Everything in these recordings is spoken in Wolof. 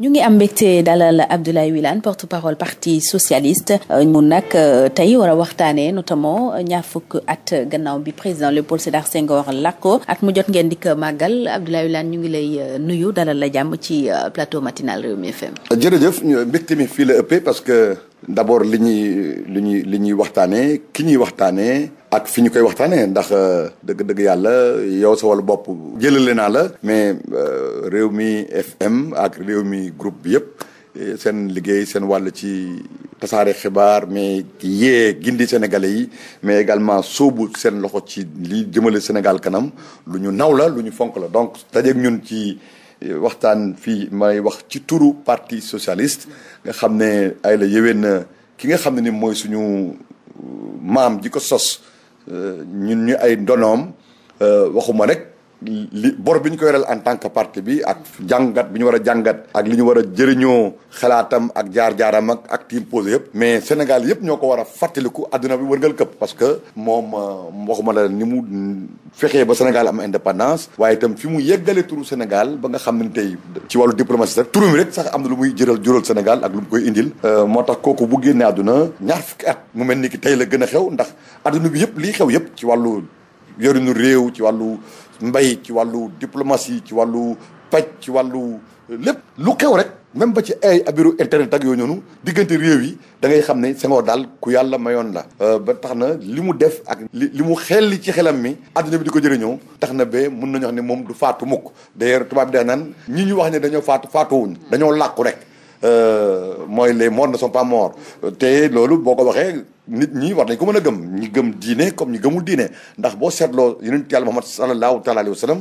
ñu ngi am mbégte dalal Abdoulaye Wilane porte-parole parti socialiste euh, mu nag euh, tey war a waxtaanee notamment euh, ñaar fukk at gannaaw bi président le Léopold Sédar Senghor làkko at mu jot ngeen di ko màggal Abdoulaye Wilane ñu ngi lay nuyu dalal la jàmm ci plateau matinal Rewmi FM. jërëjëf mbégte mi fii la ëppee parce que. d'abord li ñuy li ñuy li ñuy waxtaanee ki ñuy waxtaanee ak fi ñu koy waxtaanee ndax dëgg-dëgg euh, yàlla yow sa wàllu bopp jëlale naa la mais euh, réew mi FM ak réew mi groupe bi yëpp euh, seen liggéey seen wàll ci tasaare xibaar mais yee gindi sénégalais yi mais également sóobu seen loxo ci li jëmale Sénégal kanam lu ñu naw lu ñu fonk la donc dajeeg ñun ci waxtaan fii may wax ci turu parti socialiste nga xam ne ayla la yéwén ki nga xam ne ni mooy suñu euh, maam ji ko sos euh, ñun ñu ay ndonoom euh, waxuma rek li bor bi ñu ko yoreel en tant que parti bi ak jàngat bi ñu war a jàngat ak li ñu war a jëriñoo xalaatam ak jaar-jaaram ak ak posé yëpp mais Sénégal yëpp ñoo ko war a fàttaliku àdduna bi wërngal këpp parce que moom euh, waxuma la ni mu fexee ba Sénégal am indépendance waaye itam fi mu yeggale turu Sénégal ba nga xam ne tey ci wàllu diplomatie rek turu mi rek sax am na lu muy jëral jural Sénégal ak lu mu koy indil euh, moo tax kooku bu génnee àdduna ñaar fukki at mu mel ni ki tey la gën a xew ndax àdduna bi yëpp liy xew yëpp ci wàllu yorinu réew ci wàllu mbay ci wàllu diplomatie ci wàllu paj ci wàllu lépp lu xew rek même ba ci ay abiru internet ak yooyu noonu diggante réew yi da ngay xam ne Senghor daal ku yàlla mayoon la euh, ba tax na li mu def ak li li mu xel li ci xelam mi adduna bi di ko ñëw tax na be mun nañu wax ne moom du faatu mukk d'ailleurs tubaab de day naan ñi ñu wax ne dañoo faatu wuñ dañoo làqu rek euh, mooy les morts na sont pas euh, te loolu boo ko waxee nit ñi war nañ ko mën a gëm ñi gëm diine comme ñi gëmul diine ndax boo seetloo yonent yàlla Muhammad sallallahu taala alayhi wa sallam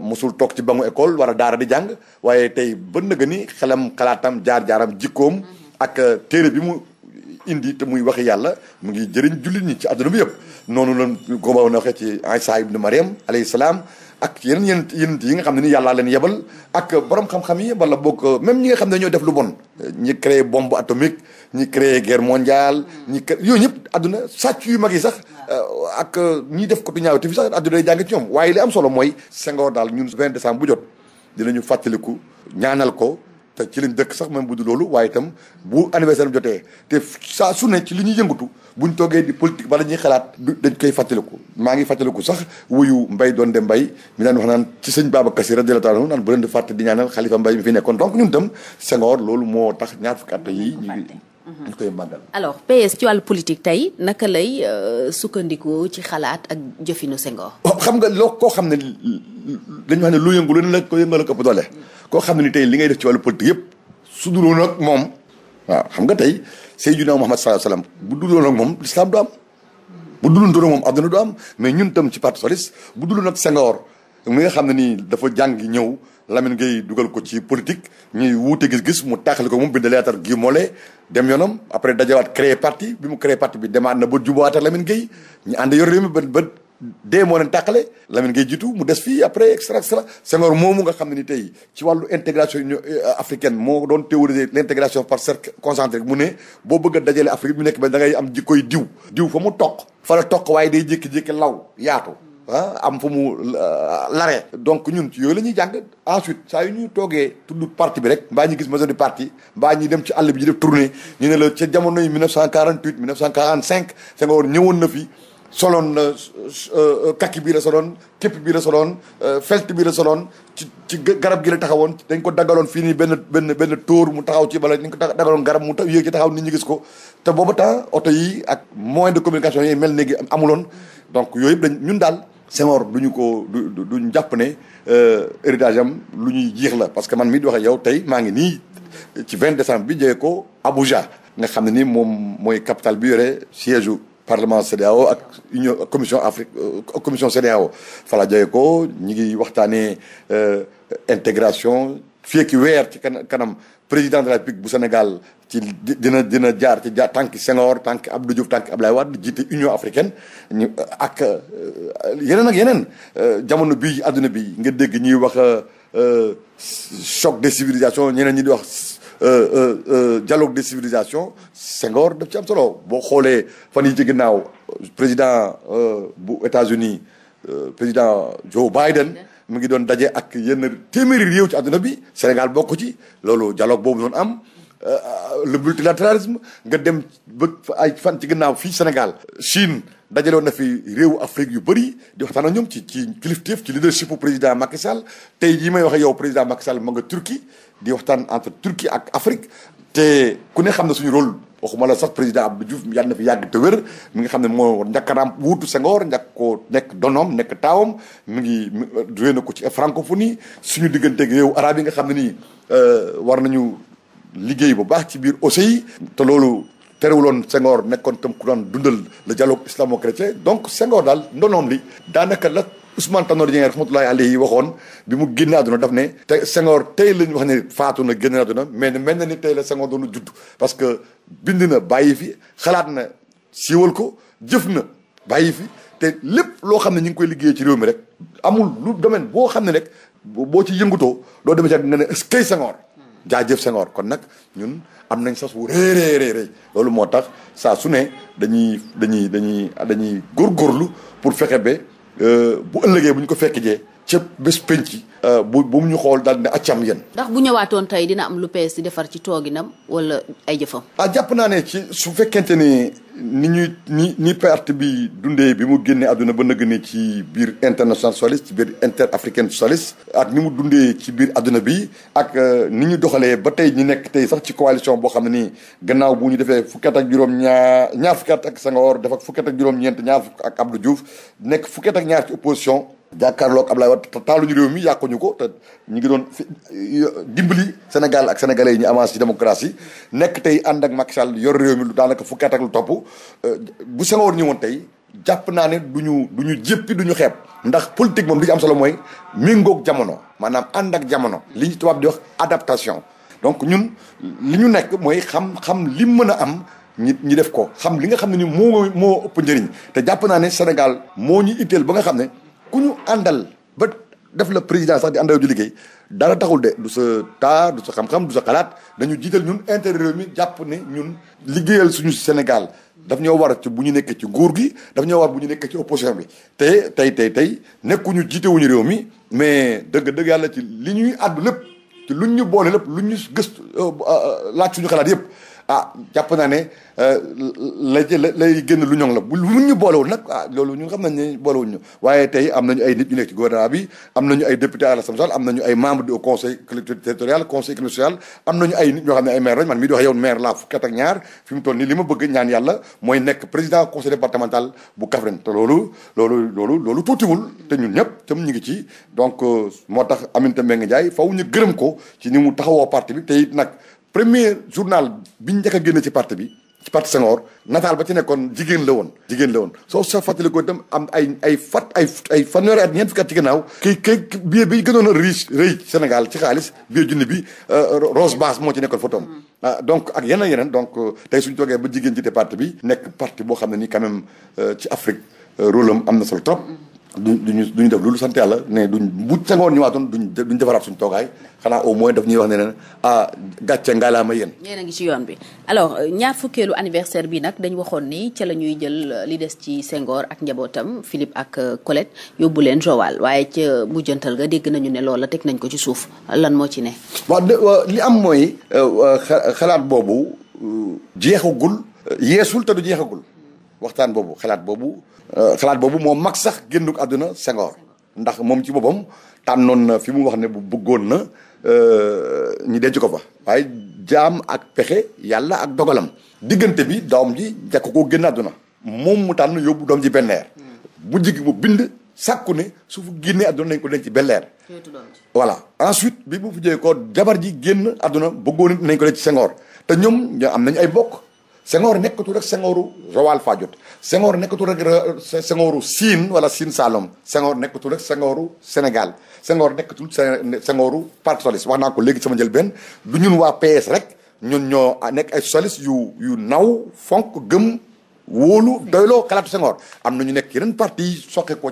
mosul toog ci bangu école war a daara di jàng waaye tey bën na gë ni xelam xalaatam jaar-jaaram jikkoom ak téere bi mu indi te muy waxi yàlla mu ngi jëriñ jullit ñi ci àdduna bi yëpp noonu lan goobaaw na waxee ci Isa ibnu Mariam alayhi salaam ak yeneen yeneen yi nga xam ne ni yàllaa leen yebal ak borom xam-xam yi wala boog même ñi nga xam ne ñoo def lu bon ñi créé bombe atomique ñi créé guerre mondiale ñi yooyu ñëpp àdduna sàcc yu mag yi sax euh, ak ñi def ko tu ñaaw te fi sax àdduna yi jàng ci ñoom waaye li am solo mooy Senghor daal ñun 20 décembre bu jot dinañu fàttaliku ñaanal ko te ci lañ dëkk sax même bu du loolu waaye tam bu anniversaire bi jotee te saa su ne ci li ñuy yëngatu buñ toogee di politique bala ñuy xalaat dañ koy fàttaliku maa ngi fàttaliku sax wuyu mbay doon de mbay mi daan wax naan ci sëñ Babacar Sy radiyallahu anhu naan bu leen di fàtte di ñaanal xalifa mbay mi fi nekkoon donc ñun tam Senghor loolu moo tax ñaar fukki at yi ñu ñu koy màggal mhm. alors PS ci wàllu politique tey naka lay euh, sukkandiku ci xalaat ak jëfinu Senghor. Oh, xam nga loo koo xam ne dañu wax ne lu yëngu lu ne la ko yëngal ak ëpp doole mm. koo xam ne ni tey li ngay def ci wàllu politique yëpp su dul woon moom waaw xam nga tey Seydina Muhammad sallallahu alayhi wasallam bu dul woon ak moom l'islam du am bu dul woon ak moom adduna du am mais ñun tam ci parti socialiste bu dul woon ak Senghor mi nga xam ne nii dafa jàng ñëw Lamine Gueye dugal ko ci politique ñuy wuute gis-gis mu taaxale ko moom bind leetar gi mole dem yoonam après dajawaat créer parti bi mu créer parti bi demaat na ba jubawaat ak Lamine Gueye ñu ànd yor réew mi bët dee moo leen le Lamine Gueye jiitu mu des fii après et cetera et moomu nga xam ne ni tey ci wàllu intégration union euh, africaine moo doon théoriser l' intégration par cercle concentrique mu ne boo bëgg a dajale Afrique bi mu nekk ba da ngay am jikkoy diw. diw fa mu toq fa la toq waaye day jékki-jékki law yaatu. ah am fu mu euh, laree. donc ñun ci yooyu la ñuy jàng ensuite saa yu ñuy toogee tudd parti bi rek. mbaa ñu gis maison du parti mbaa ñuy dem ci àll bi ñu def tournée ñu ne la ca jamono yi 1948 1945 Senghor ñëwoon na soloon na kakki bii la soloon képp bii la soloon euh, felt bii la soloon ci ci garab gi la taxawoon dañ ko dagaloon fii nii benn benn benn tóor mu taxaw ci bala ni ñu ko daggaloon garab mu yéeg ci taxaw nit ñi gis ko te booba temps oto yi ak moyen de communication yi mel léegi amuloon donc yooyu yëpp dañ ñun daal Senghor du ñu ko du duñ jàpp ne euh, héritage am lu ñuy jiix la parce que man mii di wax yow tey maa ngi nii ci 20 décembre bi jege ko Abuja nga xam ne nii moom mooy capital bi yore siège parlement CEDEAO ak union commission Afrique ak euh, commission CEDEAO fala joye ko ñu ngi waxtaanee euh, intégration fii ki weer ci kanam président de la République bu Sénégal ci dina dina jaar ci jaar tànk Senghor tànk Abdou Diouf tànk Abdoulaye Wade jiite Union africaine ñu ak euh, yeneen ak yeneen jamono bii àdduna bi nga dégg ñuy wax choc des civilisations ñeneen ñi di wax Euh, euh, euh, dialogue des civilisations Senghor daf ci am solo boo xoolee fan yi ci ginnaaw président bu États-Unis président Joe Biden mu ngi doon daje ak yenn téeméeri réew ci àdduna bi Sénégal bokk ci loolu dialogue boobu doon am le multilatéralisme nga dem ba ay fan ci ginnaaw fii Sénégal Chine dajaloon na fi réewu Afrique yu bëri di waxtaan ak ñoom ci ci kilifteef ci leadership bu président Macky Sall tey jii may waxe yow président Macky Sall ma nga Turquie di waxtaan entre Turquie ak Afrique te ku ne xam ne suñu rôle waxuma la sax président Abdou Diouf yàlla na fi yàgg te wér mi nga xam ne moo njàkkaraam wuutu Senghor njàkk ko nekk donoom nekk taawam mi ngi joué na ko ci francophonie suñu diggante gi arab yi nga xam ne nii euh, war nañu liggéey bu baax ci biir OCI te loolu terewuloon Senghor nekkoon tam ku doon dundal le dialogue islamo-chrétien donc Senghor daal ndonoom li daanaka la Ousmane Tanor Dieng rahmatullahi alayhi waxoon bi mu génn àdduna daf ne te Senghor tey lañu wax ne faatu na génn àdduna mais ne mel na ni tey la Senghor doonu judd parce que bind na bàyyi fi xalaat na siiwal ko jëf na bàyyi fi te lépp loo xam ne ñu ngi koy liggéey ci réew mi rek amul lu domaine boo xam ne rek boo ci yëngutoo loo demee ci nga ne kay Senghor jaajëf Senghor kon nag ñun am nañ sas wu rëy rëy rëy loolu moo tax saa su ne dañuy dañuy dañuy dañuy góorgóorlu pour fexe ba Euh, bu ëllëgee bu ñu ko fekk jee ca bés penc euh, bu bu mu ñu xool daal ne accam yéen ndax bu ñëwaatoon tey dina am lu PS di defar ci tooginam wala ay jëfam a ah, jàpp naa ne ci su fekkente ne ni ñuy ni ni parti bi dundee bi mu génnee àdduna ba nëgg ne ci biir international socialiste ci biir inter africain socialiste ak ni mu dundee ci biir àdduna bi ak euh, ni ñu doxalee ba tey ñu nekk tey sax ci coalition boo xam ne nii gannaaw bu ñu defee fukkat ak juróom ñaar ñaar fukkat ak Senghor def ak fukkat ak ñaar fukk ak Abdou Diouf nekk fukkat ak ñaar ci jàkkaarloog Ablaye Wade taaluñu réew mi yàquñu ko te ñu ngi doon dimbali Sénégal ak sénégalais yi ñu avancé ci démocratie nekk tey ànd ak Macky Sall yor réew mi lu daanaka fukki at topp euh, bu Senghor ñëwoon tey jàpp naa ne du ñu du ñu jéppi du ñu xeeb ndax politique moom li am solo mooy méngoog jamono maanaam ànd ak jamono li ñu tubaab di wax adaptation donc ñun li ñu nekk mooy xam xam li mën a am ñi ñi def ko xam li nga xam ne ni moo moo ëpp njëriñ te jàpp naa ne Sénégal moo ñu itteel ba nga xam ne ku ñu àndal ba def la président sax di àndal di liggéey dara taxul de du sa taar du sa xam-xam du sa xalaat dañu jiital ñun intére réew mi jàpp ni ñun liggéeyal suñu Sénégal daf ñoo war ci bu ñu nekkee ci nguur gi daf ñoo war bu ñu nekkee ci opposition bi te tey tey tey nekkuñu jiitewuñu réew mi mais dëgg-dëgg yàlla ci li ñuy àddu lépp ci luñ ñu boole lépp lu ñu gëstu euh, euh, laaj suñu xalaat yëpp ah jàpp naa ne euh, la lay génn lu ñoŋ la bu mun ñu boolewul nag ah, loolu ñun xam nañ ne boolewul ñu waaye tey am nañu ay nit ñu nekk ci gouvernement bi am nañu ay député à l'Assemblée nationale am nañu ay membre du conseil collectivité territoriale conseil économique social am nañu ay nit ñoo xam ne ay maire lañu man mii di wax yow laa fukki at ñaar fi mu toll nii li ma bëgg ñaan yàlla mooy nekk président conseil départemental bu Kaffrine te loolu loolu loolu loolu tuutiwul te ñun ñëpp tam ñu ngi ci donc euh, moo tax Aminata Mbengue Ndiaye faw ñu gërëm ko ci ni mu taxawoo parti bi te it nag premier journal bi ñu njëkk a génne ci parti bi ci parti nataal ba ci nekkoon jigéen la woon jigéen la woon soo sa fàttali ko itam am ay ay fat ay ay fanweeri at ñeent fukki at ci gannaaw kii bi gënoon a riche rëy Sénégal ci xaalis billet junni bi euh, Rose Basse moo ci nekkoon photom mm-hmm. ah, donc ak yeneen yeneen donc euh, tey suñu toogee ba jigéen ji jiite parti bi nekk parti boo xam ne nii quand euh, ci Afrique rôle am am na solo trop mm-hmm. duñu ñu def loolu sant la ne du bu sangoon ñëwaatoon duñ duñ defaraat suñu toogaay xanaa au moins daf ñuy wax ne leen ah gàcce ngalaama yéen. yéen a ngi ci yoon bi alors ñaar fukkeelu anniversaire bi nag dañ waxoon ni ca la ñuy jël li des ci Senghor ak njabootam Philippe ak euh, Colette yóbbu leen Joal waaye ca mujjantal ga dégg nañu ne loola teg nañ ko ci suuf lan moo ci ne. waaw li am mooy. Euh, euh, xalaat boobu jeexagul. yeesul te du jeexagul waxtaan boobu xalaat boobu. Euh, xalaat boobu moo mag sax génn génnuk àdduna sengoor ndax moom ci boppam tànnoon na fi mu wax ne bu bëggoon na euh, ñu denc ko fa waaye jaam ak pexe yàlla ak dogalam diggante bi doom ji njëkk koo génn àdduna moom mu tànn yóbbu doom ji benneer bu jigi mu bind sàkku ne su fu génnee àdduna nañ ko ci belleer voilà ensuite bi bu fu jee ko jabar ji génn àdduna bëggoon nañ ko ci Senghor te ñoom am nañ ay mbokk Senghor nekkatul rek Senghooru Joal Fadiouth Senghor nekkatul rek Senghooru Siin wala Siin Saalum Senghor nekkatul rek Senghooru Sénégal Senghor nekkatul Senghooru parti socialiste wax naa ko léegi sama njëlbeen du ñun waa PS rek ñun ñoo nekk ay socialiste yu yu naw fonk gëm wóolu doyloo xalaatu Senghor am na ñu nekk yeneen parti yi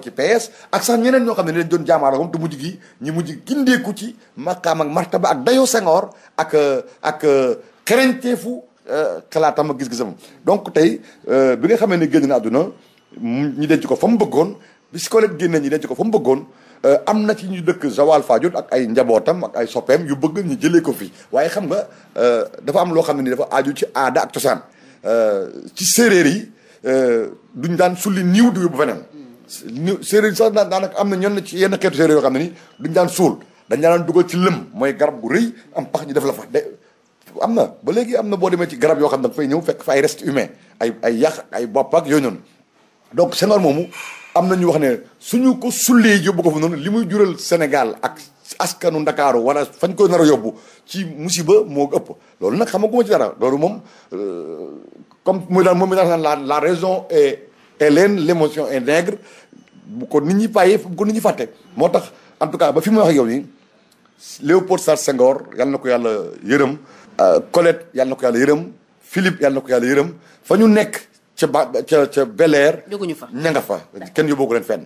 ci PS ak sax ñeneen ñoo xam ne leen doon jaamaar moom te gi ñu mujj gindeeku ci maqaam ak martaba ak dayoo Senghor ak ak euh, xereñteefu Euh, xalaatam ak gis-gisam donc tey euh, bi nga xamee ne génn na àdduna ñu denc ko fa mu bëggoon bi scolet génne ñi denc ko fa mu bëggoon euh, am na ci ñu dëkk Joal Fadiouth ak ay njabootam ak ay soppeem yu bëgg ñu jëlee ko fi waaye xam nga dafa am loo xam ne ni dafa aaju ci aada ak cosaan ci séeréer yi duñ daan sulli niiw du yóbbu feneen niiw séeréer yi sax daanaka am na ñenn ci yenn xeetu séeréer yoo xam ne ni duñ daan suul dañ daan dugal ci lëm mooy garab gu rëy am pax ñu def la fa am na ba léegi am na boo demee ci garab yoo xam ne da fay ñëw fekk fa ay reste humain ay ay yàq ay bopp ak yooyu noonu donc Senghor moomu am na ñu wax ne suñu ko sullee yóbbu ko fa noonu li muy jural Sénégal ak askanu Ndakaaru wala fañ ko nar a yóbbu ci musiba moo ëpp loolu nag xama xamaguma ci dara loolu moom euh, comme muy daan moom mi daan la la raison est est laine l'émotion est nègre bu ko nit ñi bàyyee bu ko nit fàtte moo tax en tout cas ba fi may wax yow nii Léopold Sédar Senghor na ko yàlla yërëm Euh, Colette yàlla na ko yàlla yërëm Philippe yàlla na ko yàlla yërëm fa ñu nekk ca ba ca ca Bel Air. jóguñu fa ña nga fa kenn yóbbu ko leen fenn.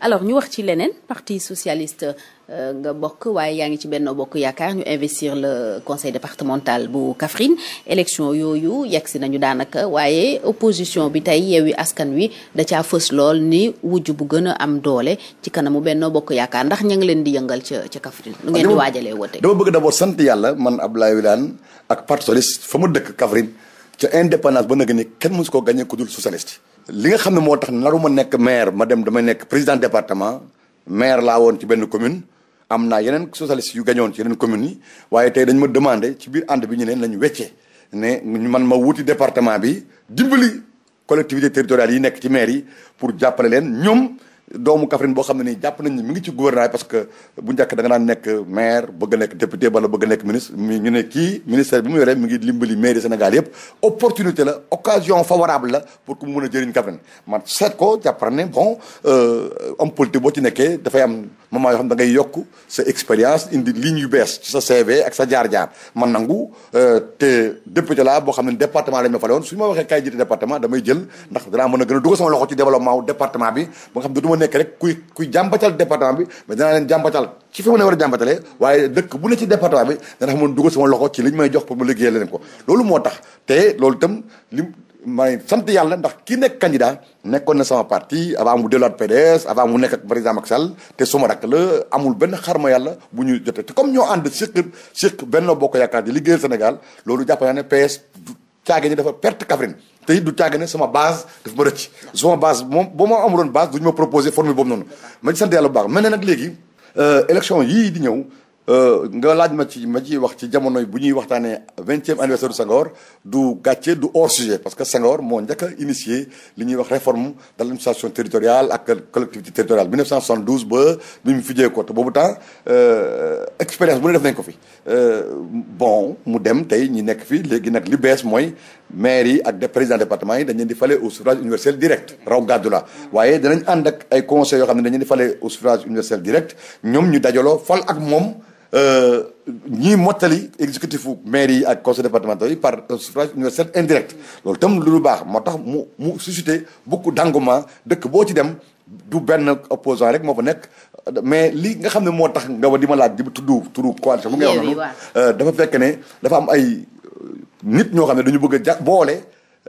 alors ñu wax ci leneen parti socialiste euh, nga bokk waaye yaa ngi ci Benno Bokk Yaakaar ñu investir le conseil départemental bu Kaffrine élection yooyu yegg si nañu daanaka waaye opposition bi tey Yewwi Askan Wi da caa fës lool ni wujj bu gën a am doole ci kanamu Benno Bokk Yaakaar ndax ña ngi leen di yëngal ca ca Kaffrine nu ngeen di waajalee wote dama bëgg d'abord sant yàlla man Abdoulaye daan ak parti socialiste fa ma dëkk Kaffrine ca indépendance ba nag ni kenn mësu ko gagné ku dul socialiste li nga xam ne moo tax naruma nekk maire ma dem damay nekk président département maire laa woon ci benn commune am naa yeneen socialiste yu gañoon ci yeneen communes yi waaye tey dañ ma demandé ci biir ànd bi ñu ne nañ weccee ne man ma wuti département bi dimbali collectivité territoriale yi nekk ci maire yi pour jàppale leen ñoom doomu Kaffrine boo xam ne nii jàpp nañ ni mi ngi ci gouvernement parce que bu njëkk da nga naan nekk maire bëgg a nekk député wala bëgg a nekk ministre ñu ne kii ministère bi mu yore mi ngi limbali maire Sénégal yëpp opportunité la occasion favorable la pour que mu mën a jëriñ Kaffrine man seet ko jàpp ne bon euh, homme politique boo ci nekkee dafay am moment yoo xam da yokk sa expérience indi ligne yu bees sa CV ak sa jaar-jaar ma nangu euh, te député laa boo xam ne département lañ ma fale woon suñu ma waxee kaay jiite département damay jël ndax danaa mën a gën a dugal sama loxo ci bi ba nga xam ne du ma nekk rek kuy kuy jàmbatal département bi mais danaa leen jàmbatal ci fi ma ne war a jàmbatalee waaye dëkk bu ne ci département liñ may jox pour ma liggéeyal leen ko loolu moo tax te loolu itam li may sant yàlla ndax kii nekk candidat nekkoon na sama parti avant mu delluwaat PDS avant mu nekk ak président Macky Sall te suma rakk la amul benn xarma yàlla bu ñu jotee te comme ñoo ànd séq séq benn Bokk Yaakaar di liggéeyal Sénégal loolu jàpp naa ne PS du caage ni dafa perte Kaffrine te it du caage ne sama baas daf ma rëcc sama base moom boo ma amuloon base du ñu ma proposé formule boobu noonu ma sante sant yàlla bu baax mel ne nag léegi euh, élection yii di ñëw Euh, nga laaj ma ci ma ci wax ci jamono bu ñuy waxtaanee vingtième anniversaire du Senghor du gàcce du hors sujet parce que Senghor moo njëkk a li ñuy wax réforme de l' administration territoriale ak collectivité territoriale 1972 ba bi mu fijee ko te boobu temps euh, expérience bu ne nañ ko fi euh, bon mu dem tey ñi nekk fi léegi nag li bees mooy maire yi ak des présidents département yi dañ leen di fale au suffrage universel direct raw gàddu la waaye danañ ànd ak ay conseils yoo xam ne dañ di fale au suffrage universel direct ñoom ñu dajaloo fal ak moom ñiy mottali exécutif fu maire yi ak conseil départemental yi par suffrage universel indirect loolu tam lu baax moo tax mu mu suscité beaucoup d'engouement dëkk boo ci dem du benn opposant rek moo fa nekk mais li nga xam ne moo tax nga wa di ma laaj di tudd turu coalition bu nga wax noonu euh, dafa fekk ne dafa am ay euh, nit ñoo xam ne dañu bëgg a ja boole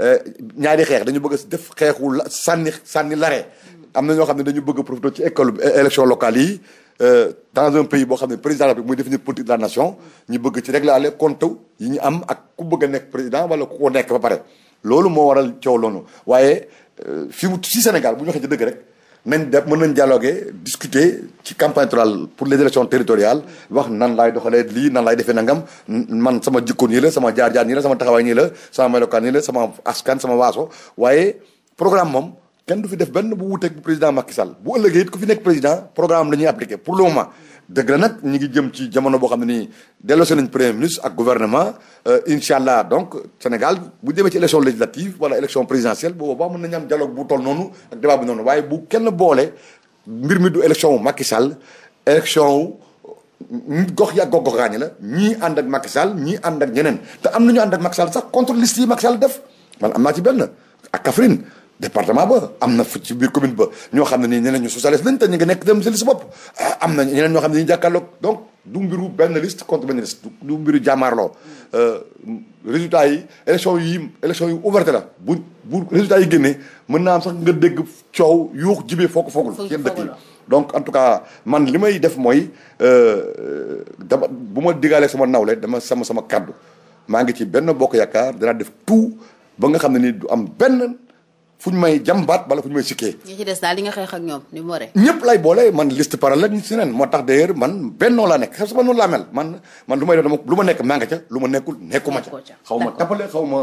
euh, ñaari xeex dañu bëgg a def xeexu sànni sànni lare am na ñoo xam ne dañu bëgg a ci école élection locale yi euh, dans un pays boo xam ne président bi muy définir politique de la nation ñu bëgg ci régler ale compte yi ñu am ak ku bëgg a nekk président wala ku ko nekk ba pare loolu moo waral coow loolu waaye euh, fi mu si Sénégal bu ñu waxee ci dëgg rek nañ def mën nañ dialoguer discuter ci campagne électorale pour les élections territoriales wax nan laay doxalee lii nan lay defee nangam man sama jikko nii la sama jaar-jaar nii la sama taxawaay nii la sama melokaan nii la sama askan sama waaso waaye programme moom kenn du fi def benn bu wuteeg bu président Macky bu ëllëgee it ku fi nekk président programme la ñuy appliqué pour le moment dëgg la nag ñu ngi jëm ci jamono boo xam ne nii delloose nañ premier ministre ak gouvernement euh, incha allah donc Sénégal bu demee ci élection législative wala élection présidentielle boobaa mën nañu am dialogue bu toll noonu ak débat bu noonu waaye mbir mi du élection wu Macky Sall élection gox yi ak gox goxaañi la ñii ànd ak Macky ñii ànd ak ñeneen am nañu ànd ak Macky Sall sax contre liste def man am ci benn ak Kaffrine département ba am na fu ci biir commune ba ñoo xam ne nii ñeneen ñu socialiste lañ te ñu ngi nekk dem ah, am na ñeneen ñoo xam ne ñu jàkkaarloog donc du mbiru benn liste contre benn liste du mbiru jàmmaarloo euh, résultat yi élection yi élection ouverte la bu bu résultat yi génnee mën naa am sax nga dégg coow yuux jibee foo ko foogul yéen dëkk donc en tout cas man li may def mooy euh, dama bu ma digaalee sama nawle dama sama sama kaddu maa ngi ci benn bokk yaakaar danaa def tout ba nga xam ne nii du am benn fu ñu may jàmbaat bala fu ñu may sikkee. ñi nga xeex ak ñoom ni mu lay boole man liste parallèle ñu si neen moo tax d'ailleurs man bennoo laa nekk xam sama noonu laa mel man lu may def dama lu ma nekk maa nga ca lu ma nekkul nekkuma ca xaw ma tapale xaw ma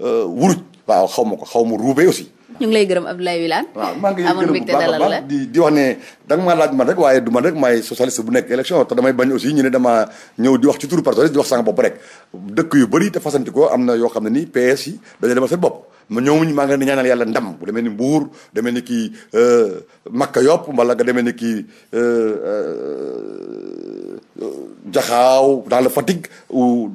Euh, wuruj waaw xaw ma ko xaw ma ruubee aussi. ñu ngi lay gërëm Abdoulaye Wilane. waaw maa ngi lay gërëm bu di di wax ne danga maa laaj man rek waaye du man rek maay socialiste bu nekk élection te damay bañ aussi ñu ne damaa ñëw di wax ci turu parti di wax sànq bopp rek dëkk yu bëri te fasanti ko am na yoo xam ne nii PS yi dañoo dema seen bopp. ma ñoomuñ maa ngi leen di ñaanal yàlla ndam bu demee ni Mbuur demee ni kii euh, Makka Yopp wala nga demee ni kii euh, Jaxaaw daal le Fatick ou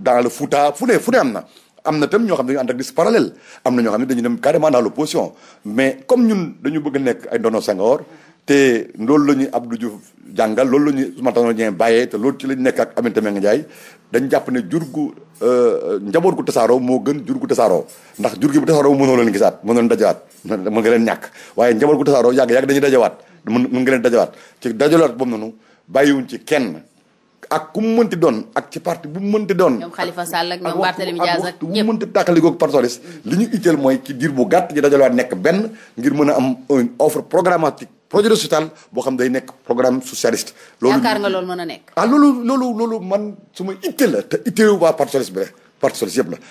fu ne fu ne na. am na tam ñoo xam ne dañu ànd ak liste parallèle am na ñoo xam ne dañu dem carrément dans l'opposition mais comme ñun dañu bëgg nekk ay ndono Senghor te loolu la ab Abdou Diouf jàngal loolu la ñuy Ousmane Tanor Dieng bàyyee te loolu ci lañ nekk ak Aminata Mbengue Ndiaye dañ jàpp ne jur gu euh, njaboot gu tasaaroo moo gën jur gu tasaaroo ndax jur gi bu tasaaroo mënoo leen gisaat mënoo leen dajawaat mën nga leen ñàkk waaye njaboot gu tasaaroo yàgg yàgg dañuy dajawaat mën nga leen dajawaat ci dajalaat boobu noonu bàyyiwuñ ci kenn ak ku mu mënti doon ak ci parti bu mu mënti doon. ñoom Khalifa Sall ak ñoom Barthélémy Dias ak ñëpp bu mu mënti tàkkalikoog partoris li ñu itteel mooy ci diir bu gàtt ji dajalewaat nekk benn ngir mën a am une offre programmatique projet sociétal boo xam day nekk programme socialiste. loolu yaakaar nga loolu mën a nekk. ah loolu loolu loolu man su ma itteel la te itteelu waa parti socialiste bi la parti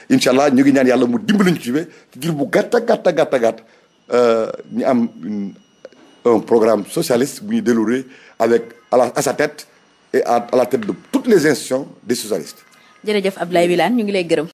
incha allah ñu ngi ñaan yàlla mu dimbali ñu ci biir diir bu gàtt a gàtt a gàtt a gàtt euh, ñu am programme socialiste bu ñuy dérouler avec à la à sa tête et à la tête de toutes les institutions décisionnistes. jërëjëf ñu ngi lay gërëm.